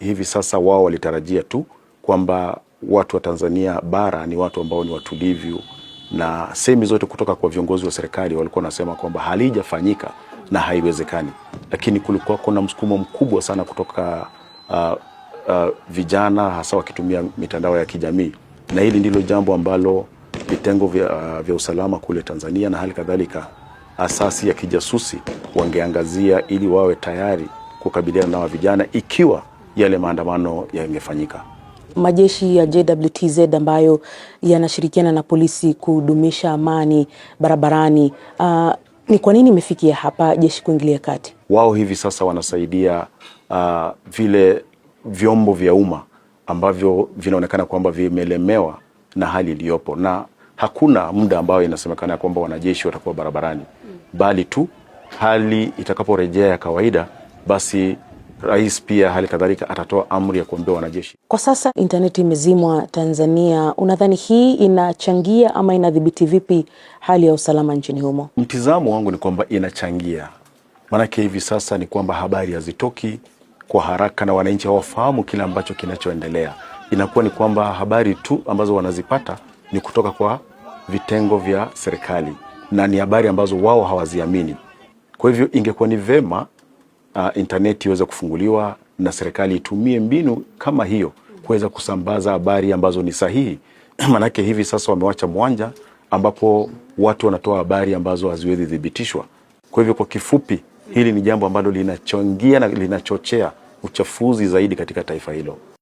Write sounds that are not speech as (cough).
Hivi sasa wao walitarajia tu kwamba watu wa Tanzania bara ni watu ambao ni watulivu, na sehemu zote kutoka kwa viongozi wa serikali walikuwa wanasema kwamba halijafanyika na haiwezekani, lakini kulikuwa kuna msukumo mkubwa sana kutoka uh, uh, vijana hasa wakitumia mitandao ya kijamii, na hili ndilo jambo ambalo vitengo vya, uh, vya usalama kule Tanzania na hali kadhalika asasi ya kijasusi wangeangazia ili wawe tayari kukabiliana na vijana ikiwa yale maandamano yangefanyika. Majeshi ya JWTZ ambayo yanashirikiana na polisi kudumisha amani barabarani, uh, ni kwa nini imefikia hapa jeshi kuingilia kati? Wao hivi sasa wanasaidia uh, vile vyombo vya umma ambavyo vinaonekana kwamba vimelemewa na hali iliyopo, na hakuna muda ambayo inasemekana kwamba wanajeshi watakuwa barabarani, bali tu hali itakaporejea ya kawaida basi Rais pia hali kadhalika atatoa amri ya kuondoa wanajeshi. Kwa sasa intaneti imezimwa Tanzania, unadhani hii inachangia ama inadhibiti vipi hali ya usalama nchini humo? Mtizamo wangu ni kwamba inachangia, maanake hivi sasa ni kwamba habari hazitoki kwa haraka na wananchi hawafahamu kile ambacho kinachoendelea. Inakuwa ni kwamba habari tu ambazo wanazipata ni kutoka kwa vitengo vya serikali na ni habari ambazo wao hawaziamini. Kwa hivyo ingekuwa ni vema uh, intaneti iweze kufunguliwa na serikali itumie mbinu kama hiyo kuweza kusambaza habari ambazo ni sahihi. (clears throat) Manake hivi sasa wamewacha mwanja ambapo watu wanatoa habari ambazo haziwezi thibitishwa. Kwa hivyo, kwa kifupi, hili ni jambo ambalo linachangia na linachochea uchafuzi zaidi katika taifa hilo.